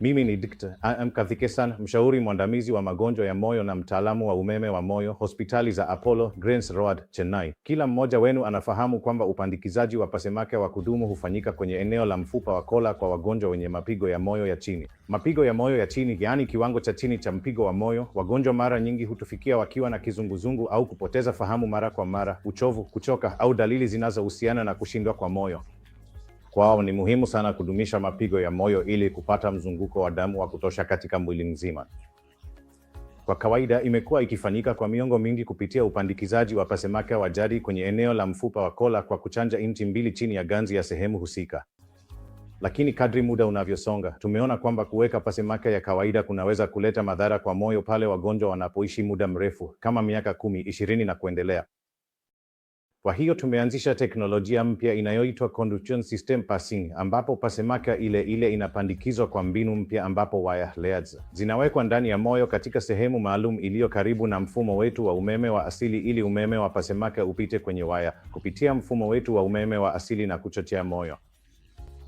Mimi ni Dkt. Mkathikesan, mshauri mwandamizi wa magonjwa ya moyo na mtaalamu wa umeme wa moyo, hospitali za Apollo Grens Road, Chennai. Kila mmoja wenu anafahamu kwamba upandikizaji wa pasemake wa kudumu hufanyika kwenye eneo la mfupa wa kola kwa wagonjwa wenye mapigo ya moyo ya chini. Mapigo ya moyo ya chini, yaani kiwango cha chini cha mpigo wa moyo, wagonjwa mara nyingi hutufikia wakiwa na kizunguzungu au kupoteza fahamu mara kwa mara, uchovu, kuchoka au dalili zinazohusiana na kushindwa kwa moyo. Kwao ni muhimu sana kudumisha mapigo ya moyo ili kupata mzunguko wa damu wa kutosha katika mwili mzima. Kwa kawaida imekuwa ikifanyika kwa miongo mingi kupitia upandikizaji wa pasemaka wa jadi kwenye eneo la mfupa wa kola kwa kuchanja inchi mbili chini ya ganzi ya sehemu husika. Lakini kadri muda unavyosonga, tumeona kwamba kuweka pasemaka ya kawaida kunaweza kuleta madhara kwa moyo pale wagonjwa wanapoishi muda mrefu kama miaka kumi, ishirini na kuendelea. Kwa hiyo tumeanzisha teknolojia mpya inayoitwa Conduction System Passing ambapo pasemaka ile ile inapandikizwa kwa mbinu mpya ambapo waya layers zinawekwa ndani ya moyo katika sehemu maalum iliyo karibu na mfumo wetu wa umeme wa asili ili umeme wa pasemaka upite kwenye waya kupitia mfumo wetu wa umeme wa asili na kuchochea moyo.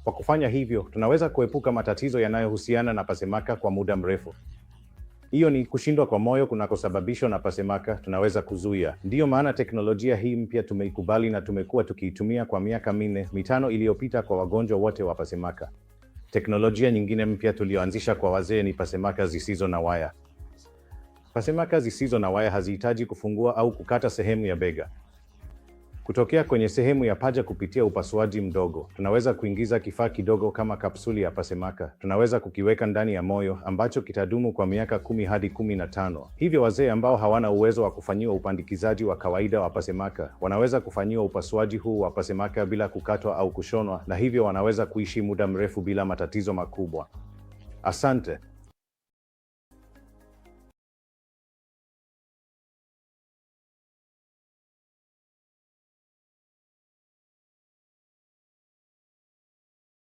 Kwa kufanya hivyo, tunaweza kuepuka matatizo yanayohusiana na pasemaka kwa muda mrefu. Hiyo ni kushindwa kwa moyo kunakosababishwa na pasemaka tunaweza kuzuia. Ndiyo maana teknolojia hii mpya tumeikubali na tumekuwa tukiitumia kwa miaka minne mitano iliyopita kwa wagonjwa wote wa pasemaka. Teknolojia nyingine mpya tuliyoanzisha kwa wazee ni pasemaka zisizo na waya. Pasemaka zisizo na waya hazihitaji kufungua au kukata sehemu ya bega. Kutokea kwenye sehemu ya paja kupitia upasuaji mdogo, tunaweza kuingiza kifaa kidogo kama kapsuli ya pasemaka. Tunaweza kukiweka ndani ya moyo ambacho kitadumu kwa miaka kumi hadi kumi na tano. Hivyo wazee ambao hawana uwezo wa kufanyiwa upandikizaji wa kawaida wa pasemaka wanaweza kufanyiwa upasuaji huu wa pasemaka bila kukatwa au kushonwa, na hivyo wanaweza kuishi muda mrefu bila matatizo makubwa. Asante.